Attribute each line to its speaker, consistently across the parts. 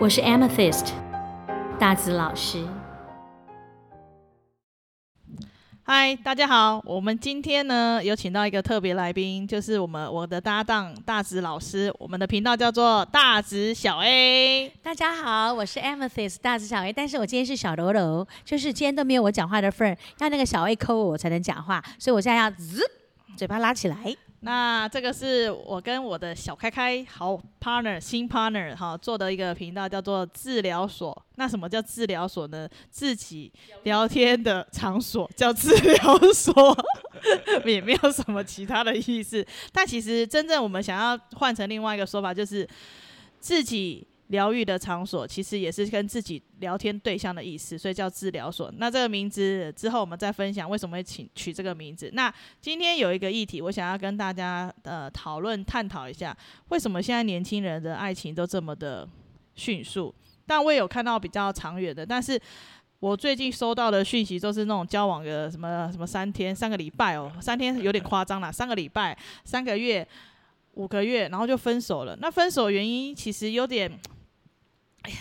Speaker 1: 我是 Amethyst 大紫老師。
Speaker 2: 嗨，大家好，我們今天呢有請到一個特別來賓，就是我們我的搭
Speaker 1: 檔大紫老師。我們的頻道叫做大紫小 A。大家好，我是 Amethyst 大紫小 A，但是我今天是小柔柔，就是今天都沒有我講話的份兒，要那個小 A 摳我，我才能講話，所以我現在要滋嘴巴拉起來。
Speaker 2: 那這個是我跟我的小開開好 partner 新 partner 好做的一個頻道，叫做治療所。那什麼叫治療所呢？自己聊天的場所叫治
Speaker 3: 療所，
Speaker 2: 也沒有什麼其他的意思。但其實真正我們想要換成另外一個說法，就是自己。療癒的場所其實也是跟自己聊天對象的意思，所以叫治療所。那這個名字之後，我們再分享為什麼會取這個名字。那今天有一個議題，我想要跟大家呃討論探討一下，為什麼現在年輕人的愛情都這麼的迅速？但我也有看到比較長遠的，但是我最近收到的訊息就是那種交往個什麼什麼三天、三個禮拜哦，三天有點誇張了，三個禮拜、三個月、五個月，然後就分手了。那分手原因其實有點。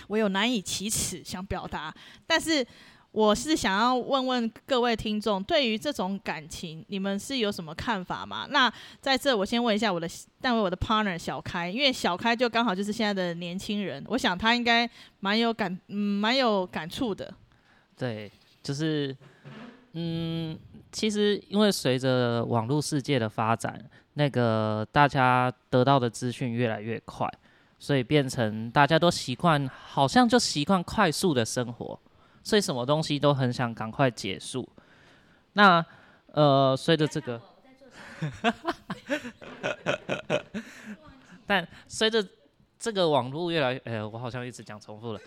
Speaker 2: 我有難以啟齒想表達，但是我是想要問問各位聽眾，對於這種感情，你們是有什麼看法嗎？那在這，我先問一下我的，但為我的 partner 小開，因為小開就剛好就是現在的年輕人，我想他應該蠻有感，嗯，蠻有感觸的。
Speaker 3: 對，就是，嗯，其實因為隨着網絡世界的發展，那個大家得到的資訊越來越快。所以變成大家都習慣，好像就習慣快速的生活，所以什麼東西都很想趕快結束。那呃，隨着這個， 但隨着這個網絡越來越，哎，我好像一直講重複了，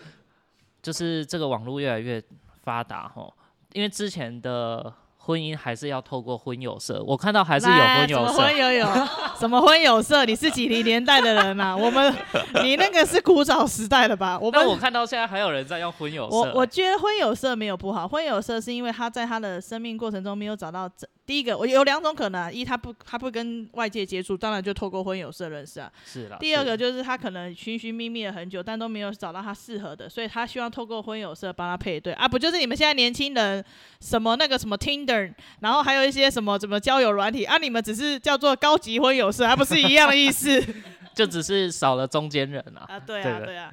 Speaker 3: 就是這個網絡越來越發達哈，因為之前的。婚姻還是要透過婚友社，我看到還是有婚友社。什麼婚友
Speaker 2: 友？ 什麼婚友社？你是幾零年代的人吶、啊？ 我們，你那個是古早時代的吧我們？但我
Speaker 3: 看到現在還有人在用婚友社。我我
Speaker 2: 覺得婚友社沒有不好，婚友社是因為他在他的生命過程中沒有找到真。第一個，我有兩種可能啊：一，他不，他不跟外界接觸，當然就透過婚友社認識啊。是了。第二個就是他可能尋尋覓覓了很久， 但都沒有找到他適合的，所以他希望透過婚友社幫他配對啊。不就是你們現在年輕人什麼那個什麼 Tinder，然後還有一些什麼什麼交友軟體啊？你們只是叫做高級婚友社， 還不是一樣的意思？
Speaker 3: 就只是少了中間人啊。啊，啊，對啊，對
Speaker 2: 啊。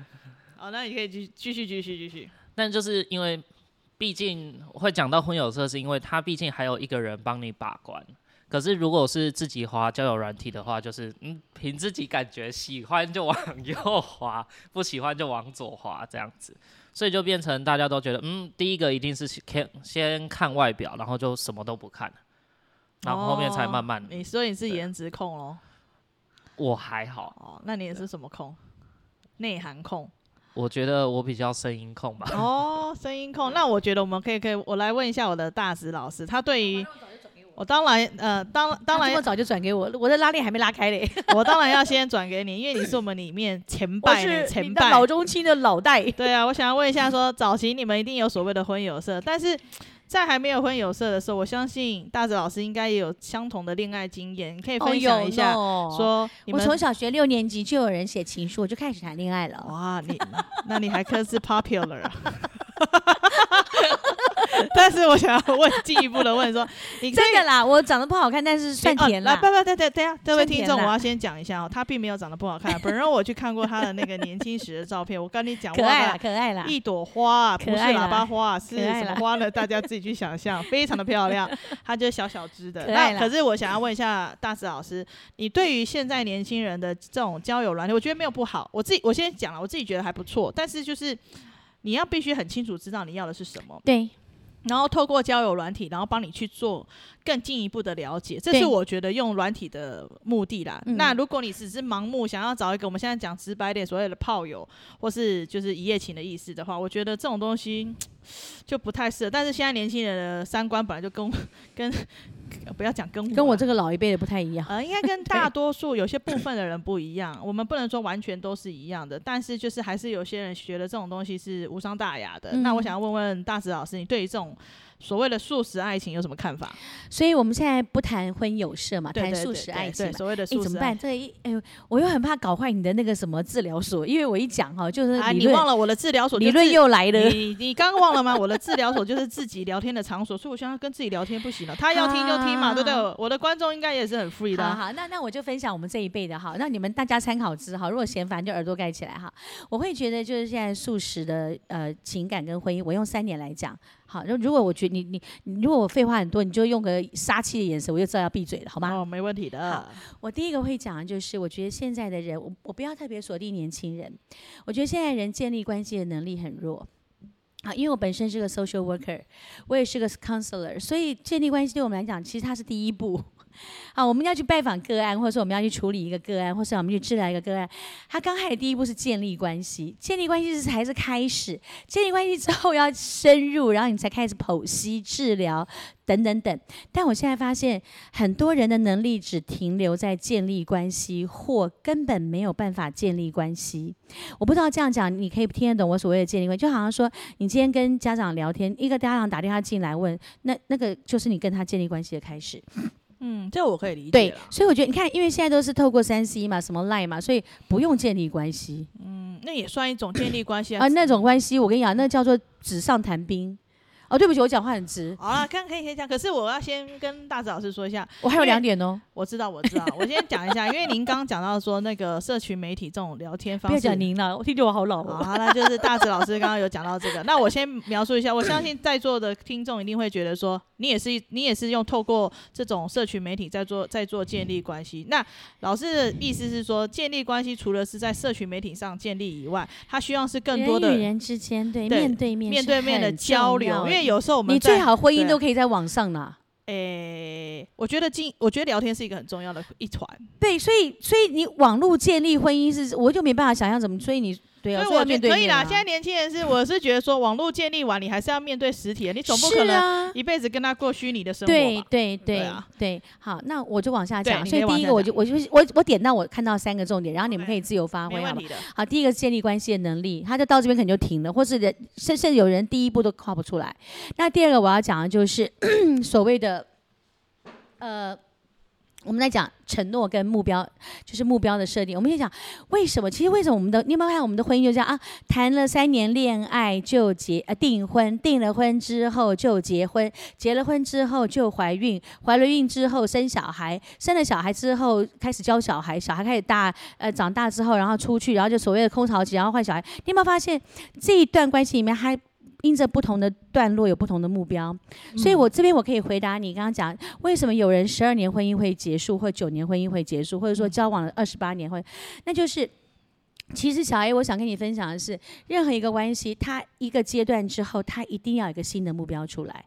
Speaker 2: 好，那你可以繼續繼
Speaker 3: 續繼續繼續。但就是因為。畢竟會講到婚友社，是因為他畢竟還有一個人幫你把關。可是如果是自己滑交友軟體的話，就是嗯，憑自己感覺，喜歡就往右滑，不喜歡就往左滑這樣子。所以就變成大家都覺得，嗯，第一個一定是看先看外表，然後就什麼都不看，然後後面才慢慢。哦，你
Speaker 2: 說你是顏值控哦？
Speaker 3: 我還好。哦，
Speaker 2: 那你也是什麼控？內涵控。
Speaker 3: 我覺得我比較聲音控吧。
Speaker 2: 哦，聲音控，那我覺得我們可以，可以我來問一下我的大使老師，他對於我當然呃當當然我早就轉給我，我的拉鏈還沒拉開嘞， 我當然要先轉給你，因為你是我們裡面前輩前輩老中青的老代。 對啊，我想要問一下說，說早期你們一定有所謂的婚友社，但是。在還沒有婚友社的時候，我相信大哲老師應該也有相同的戀愛經驗，你可以分享一下說，說，oh, no, no. 我從
Speaker 1: 小學六年級就有人寫情書，我就開始談戀愛了。哇，你那你還真是 popular 啊。
Speaker 2: 但是我想要問進一步的問說，這個啦，我長得不好看，但是算甜了。不不對對對啊，各位聽眾，我要先講一下哦，他並沒有長得不好看。本人我去看過他的那個年輕時的照片， 我跟你講，可愛要要可愛啦，一朵花，不是喇叭花，是什麼花呢？大家自己去想象，非常的漂亮。 他就是小小只的，可那可是我想要問一下大石老師，你對於現在年輕人的這種交友軟件，我覺得沒有不好，我自己我先講了，我自己覺得還不錯。但是就是你要必須很清楚知道你要的是什麼，對。然後透過交友軟體，然後幫你去做更進一步的了解，這是我覺得用軟體的目的啦。那如果你只是盲目想要找一個，我們現在講直白點，所謂的炮友或是就是一夜情的意思的話，我覺得這種東西就不太適合。但是現在年輕人的三觀本來就跟跟。跟不要講跟
Speaker 1: 我、啊、跟我這個老一輩的不太一樣，呃，應該跟大多數有些部
Speaker 2: 分的人不一樣。我們不能說完全都是一樣的， 但是就是還是有些人覺得這種東西是無傷大雅的。嗯、那我想要問問大直老師，你對於這種。所謂的速食愛情有什麼看
Speaker 1: 法？所以我們現在不談婚友社嘛，談速食愛情，你所謂的速食、欸、怎麼辦？這一、個，哎、欸，我又很怕搞壞你的那個什麼治療所，因為我一講哈，就是、啊、你忘了我的治療所理論又來了。
Speaker 2: 你你剛忘了嗎？ 我的治療所就是自己聊天的場所，所以我現在跟自己聊天不行了。他要聽就聽嘛，啊、對不對、啊？
Speaker 1: 我的觀眾應該也是很 free 的，啊。好，好，那那我就分享我們這一輩的哈，那你們大家參考之哈。如果嫌煩就耳朵蓋起來哈。我會覺得就是現在速食的呃情感跟婚姻，我用三年來講。好，如果我覺得你你，你如果我廢話很多，你就用個殺氣的眼神，我就知道要閉嘴了，好嗎？哦，沒問題的。好，我第一個會講的就是，我覺得現在的人，我我不要特別鎖定年輕人，我覺得現在人建立關係的能力很弱。好，因為我本身是個 social worker，我也是個 counselor，所以建立關係對我們來講，其實它是第一步。好，我們要去拜訪個案，或者說我們要去處理一個個案，或是我們去治療一個個案。他剛開始第一步是建立關係，建立關係是才是開始。建立關係之後要深入，然後你才開始剖析、治療等等等。但我現在發現，很多人的能力只停留在建立關係，或根本沒有辦法建立關係。我不知道這樣講，你可以聽得懂我所謂的建立關係，就好像說，你今天跟家長聊天，一個家長打電話進來問，那那個就是你跟他建立關係的開始。
Speaker 2: 嗯，這我可以理解。對，
Speaker 1: 所以我覺得你看，因為現在都是透過三 C 嘛，什麼 Line 嘛，所以不用建立關係。
Speaker 2: 嗯，那也算一種建立關係啊。啊、 呃，那
Speaker 1: 種關係，我跟你講，那叫做紙上談兵。哦，對不起，我講話很直。好
Speaker 2: 了，剛剛可以先講，可是我要先跟大子老師說一下，我還有兩點哦。我知道，我知道，我知道 我先講一下，因為您剛剛講到說那個社群媒體這種聊天方式。別講您了，我聽着我好老、哦。好，那就是大子老師剛剛有講到這個， 那我先描述一下。我相信在座的聽眾一定會覺得說， 你也是，你也是用透過這種社群媒體在做在做建立關係、嗯。那老師的意思是說，建立關係除了是在社群媒體上建立以外，它需要是更多的人與人
Speaker 1: 之間對，對，面對，面對，對面對面的交流，因為有時候你最好婚姻都可以在網上了。
Speaker 2: 誒、欸，我覺得今我覺得聊天是一個很重要的一環。
Speaker 1: 對，所以所以你網絡建立婚姻是我就沒辦法想象，怎麼，所以你。對，哦，所以要面對面嗎？所以我覺得可以啦。現在
Speaker 2: 年輕人是，我是覺得說，網絡建立完， 你還是要面對實體的。你總不可能一輩子跟他過虛擬的生活。對
Speaker 1: 對對對、啊、對。好，那我就往下講。對，所以第一個我，我就我就我我點到我看到三個重點，然後你們可以自由發揮 okay, 好，好，好，第一個建立關係的能力，他就到這邊可能就停了，或是人甚、甚至有人第一步都跨不出來。那第二個我要講的就是咳咳所謂的，呃。我們在講承諾跟目標，就是目標的設定。我們就講為什麼？其實為什麼我們的？你有沒有發現我們的婚姻就這樣啊？談了三年戀愛就結呃訂婚，訂了婚之後就結婚，結了婚之後就懷孕，懷了孕之後生小孩，生了小孩之後開始教小孩，小孩開始大呃長大之後，然後出去，然後就所謂的空巢期，然後換小孩。你有沒有發現這一段關係裡面還？因着不同的段落有不同的目標，嗯、所以我這邊我可以回答你剛剛講為什麼有人十二年婚姻會結束，或九年婚姻會結束，或者說交往了二十八年會，會、嗯。那就是其實小 A，我想跟你分享的是，任何一個關係，它一個階段之後，它一定要有一個新的目標出來，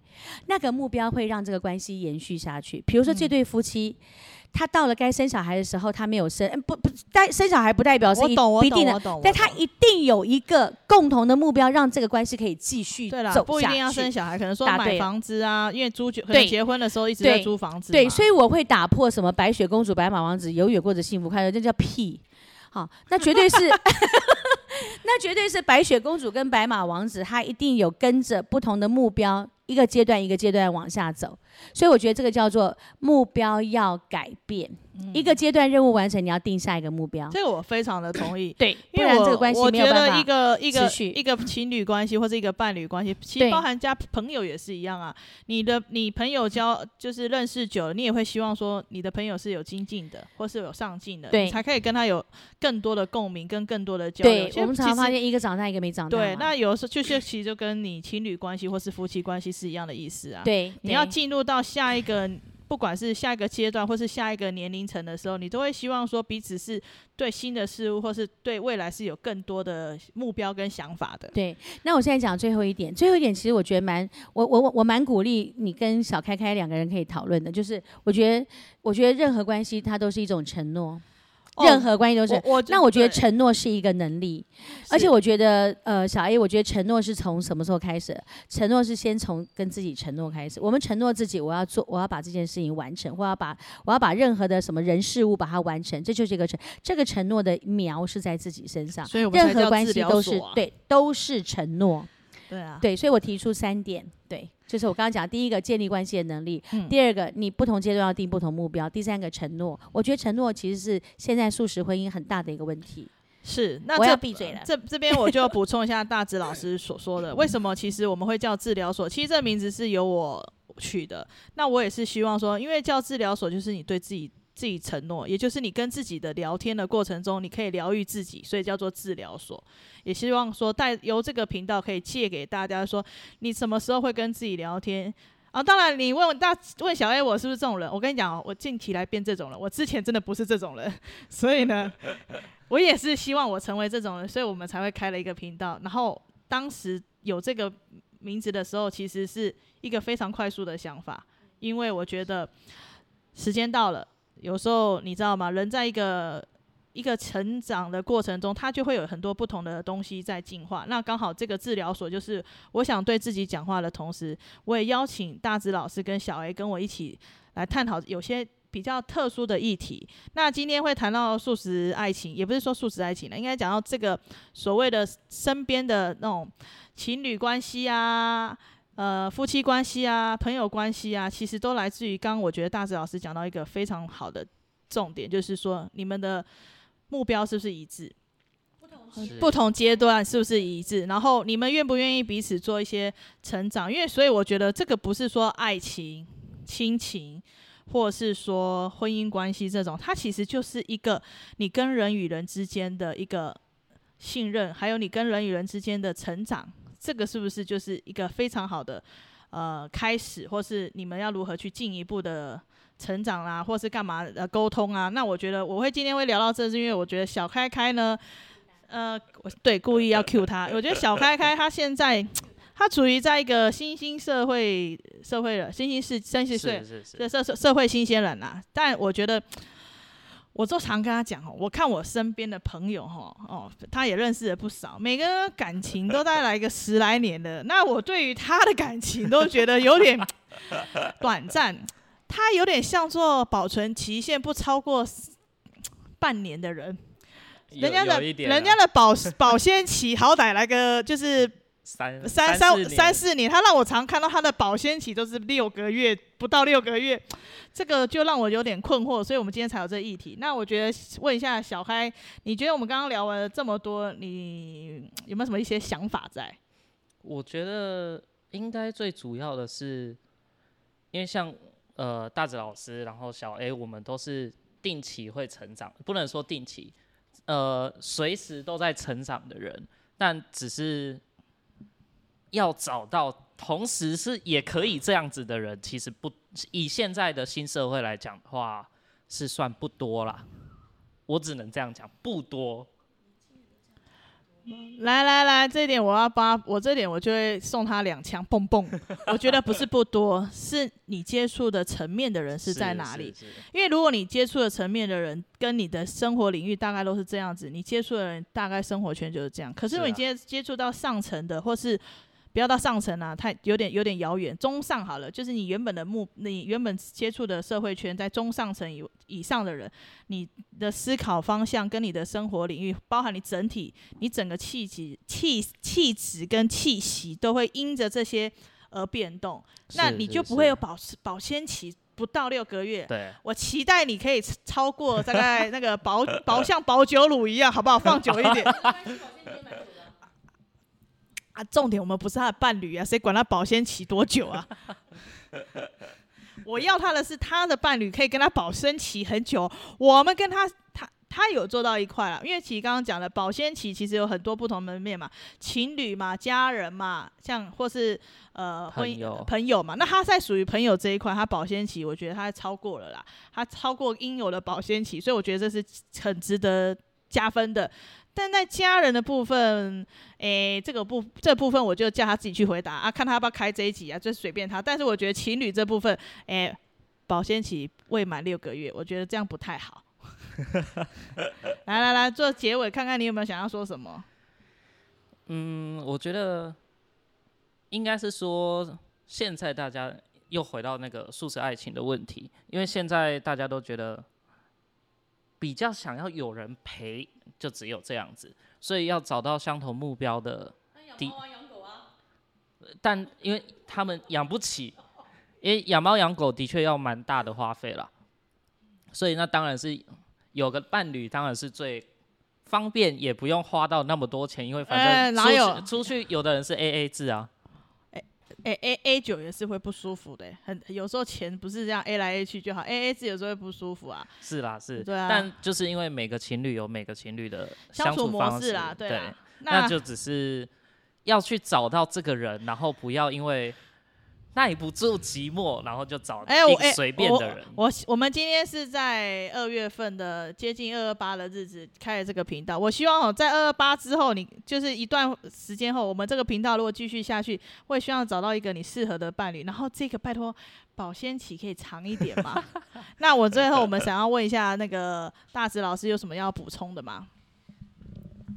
Speaker 1: 那個目標會讓這個關係延續下去。比如說這對夫妻。嗯他到了該生小孩的時候，他沒有生，不不，但生小孩不代表是一我懂我懂定的，但他一定有一個共同的目標，讓這個關係可以繼續走下去。對了，不一定要生小孩，可能說買房
Speaker 2: 子啊，對因為租就結婚的
Speaker 1: 時候一直在租房子對。對，所以我會打破什麼白雪公主、白馬王子永遠過着幸福快樂，這叫屁。好，那絕對是， 那絕對是白雪公主跟白馬王子，他一定有跟着不同的目標，一個階段一個階段往下走。所以我覺得這個叫做目標要改變，嗯，一個階段任務完成，你要定下一個目標。這
Speaker 2: 個我非常的同意。 對，因為，不然這個關係沒有辦法持續，我覺得一個一個一個、一個情侶關係，或者一個伴侶關係，其實包含加朋友也是一樣啊。你的你朋友交就是認識久了，你也會希望說你的朋友是有精進的，或是有上進的，對你才可以跟他有更多的共鳴，跟更多的交流。對，我們常發現一個
Speaker 1: 長大，一個沒長大。對，那有
Speaker 2: 時候就是其實就跟你情侶關係，或是夫妻關係是一樣的意思啊。對，你要進入。到下一個，不管是下一個階段，或是下一個年齡層的時候，你都會希望說彼此是對新的事物，或是對未來是有更多的目標跟想法的。
Speaker 1: 對，那我現在講最後一點，最後一點其實我覺得蠻，我我我蠻鼓勵你跟小開開兩個人可以討論的，就是我覺得我覺得任何關係它都是一種承諾。
Speaker 3: 任何關係都是、哦，我我。那我覺
Speaker 1: 得承諾是一個能力，而且我覺得，呃，小 A，我覺得承諾是從什麼時候開始？承諾是先從跟自己承諾開始。我們承諾自己，我要做，我要把這件事情完成，我要把我要把任何的什麼人事物把它完成，這就是一個承，這個承諾的苗是在自己身上。所以我們才叫治療所啊，任何關係都是對，都是承諾。對啊。對，所以我提出三點。對。就是我剛剛講，第一個建立關係的能力、嗯，第二個你不同階段要定不同目標，第三個承諾。我覺得承諾其實是現在速食婚姻很大的一個問題。
Speaker 2: 是，那我要閉嘴了。呃、這這邊我就要補充一下大致老師所說的， 為什麼其實我們會叫治療所？其實這名字是由我取的。那我也是希望說，因為叫治療所，就是你對自己。自己承諾，也就是你跟自己的聊天的過程中，你可以療癒自己，所以叫做治療所。也希望說，帶由這個頻道可以借給大家說，你什麼時候會跟自己聊天啊？當然，你問大問小 A，我是不是這種人？我跟你講，我近期來變這種人，我之前真的不是這種人，所以呢，我也是希望我成為這種人，所以我們才會開了一個頻道。然後當時有這個名字的時候，其實是一個非常快速的想法，因為我覺得時間到了。有時候你知道嗎？人在一個一個成長的過程中，他就會有很多不同的東西在進化。那剛好這個治療所就是，我想對自己講話的同時，我也邀請大子老師跟小 A 跟我一起來探討有些比較特殊的議題。那今天會談到速食愛情，也不是說速食愛情了，應該講到這個所謂的身邊的那種情侶關係啊。呃，夫妻關係啊，朋友關係啊，其實都來自於剛剛我覺得大致老師講到一個非常好的重點，就是說你們的目標是不是一致？不同、呃，不同階段是不是一致？然後你們願不願意彼此做一些成長？因為所以我覺得這個不是說愛情、親情，或者是說婚姻關係這種，它其實就是一個你跟人與人之間的一個信任，還有你跟人與人之間的成長。這個是不是就是一個非常好的，呃，開始，或是你們要如何去進一步的成長啊，或是幹嘛的溝通啊？那我覺得我會今天會聊到這，是因為我覺得小開開呢，呃，對，故意要 cue 他。我覺得小開開他現在他處於在一個新興社會社會了，新興是新興社，是是是社社社會新鮮人啦，啊，但我覺得。我就常跟他講哦，我看我身邊的朋友哦，他也認識了不少，每個感情都帶來一個十來年的。 那我對於他的感情都覺得有點 短暫，他有點像做保存期限不超過半年的人，
Speaker 3: 人家的有有一點、啊、人家的
Speaker 2: 保保鮮期好歹來個就是。
Speaker 3: 三三三四三四
Speaker 2: 年，他讓我常看到他的保鮮期都是六個月，不到六個月，這個就讓我有點困惑，所以我們今天才有這議題。那我覺得問一下小嗨，你覺得我們剛剛聊完了這麼多，你有沒有什麼一些想法在？
Speaker 3: 我覺得應該最主要的是，因為像呃大子老師，然後小 A，我們都是定期會成長，不能說定期，呃，隨時都在成長的人，但只是。要找到同時是也可以這樣子的人，其實不以現在的新社會來講的話，是算不多啦。我只能這樣講，不多。嗯、
Speaker 2: 來來來，這點我要幫，我這點我就會送他兩槍，蹦蹦， 我覺得不是不多，是你接觸的層面的人是在哪裡？因為如果你接觸的層面的人跟你的生活領域，大概都是這樣子，你接觸的人大概生活圈就是這樣。可是你接是、啊、接觸到上層的，或是不要到上層啊，太有點有點遙遠。中上好了，就是你原本的目，你原本接觸的社會圈，在中上層以以上的人，你的思考方向跟你的生活領域，包含你整體、你整個氣質、氣氣質跟氣息，都會因着這些而變動。那你就不會有保持保鮮期不到六個月。對，我期待你可以超過大概那個保保 像保久乳一樣，好不好？放久一點。 啊，重點我們不是他的伴侶啊，誰管他保鮮期多久啊？ 我要他的是他的伴侶可以跟他保鮮期很久，我們跟他他他有做到一塊了，因為其實剛剛講的保鮮期其實有很多不同的門面嘛，情侶嘛、家人嘛，像或是呃，朋友朋友嘛，那他在屬於朋友這一塊，他保鮮期我覺得他超過了啦，他超過應有的保鮮期，所以我覺得這是很值得加分的。但在家人的部分，誒、欸，這個部這部分我就叫他自己去回答啊，看他要不要開這一集啊，就隨便他。但是我覺得情侶這部分，誒、欸，保鮮期未滿六個月，我覺得這樣不太好。 來來來，做結尾，看看你有沒有想要說什麼。
Speaker 3: 嗯，我覺得應該是說，現在大家又回到那個速食愛情的問題，因為現在大家都覺得。比較想要有人陪，就只有這樣子，所以要找到相同目標的。養貓啊，養
Speaker 1: 狗
Speaker 3: 啊。但因為他們養不起，因為養貓養狗的確要蠻大的花費啦。所以那當然是有個伴侶當然是最方便，也不用花到那麼多錢，因為反正出、欸、出去有的人是 A A 制啊。
Speaker 2: 欸、a a A 九也是會不舒服的、欸，很有時候錢不是這樣 A 來 A 去就好，A A 制有時候會不舒服啊。
Speaker 3: 是啦，是。對啊。但就是因為每個情侶有每個情侶的相處方式啊，對，啦對那。那就只是要去找到這個人，然後不要因為。耐不住寂寞，然後就找一個隨便的人。欸、我、欸、
Speaker 2: 我、我、我們今天是在二月份的接近二二八的日子開了這個頻道。我希望哦，在二二八之後，你就是一段時間後，我們這個頻道如果繼續下去，會希望找到一個你適合的伴侶。然後這個拜託保鮮期可以長一點嗎？ 那我最後我們想要問一下那個大直老師有什麼要補充的嗎？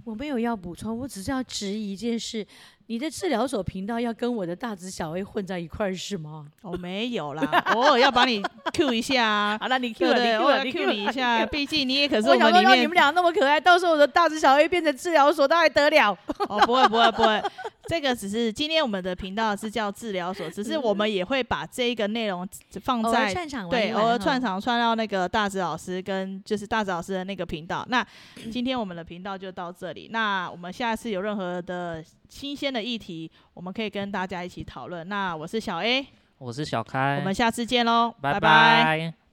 Speaker 1: 我沒有要補充，我只是要質疑一件事。你的治療所頻道要跟我的大子小 A 混在一塊是嗎？我、哦、沒有啦，偶 爾、哦、要把你 Q 一下、啊。 好，那你 Q 了，你 Q 了，Q 你一下。 畢
Speaker 2: 竟你也可是我，我想說，要你們倆那麼可愛，到時候我的大子小 A 變成治療所，那還得了？哦， 哦不會不會不會。這個只是今天我們的頻道是叫治療所，只是我們也會把這個內容放在、 嗯、對 偶爾串場串到那個大子老師跟就是大子老師的那個頻道。 那今天我們的頻道就到這裡，那我們下次有任何的新鮮的議題，我們可以跟大家一起討論。那我是小 A，
Speaker 3: 我是小開，我們下次見嘍，拜拜。拜拜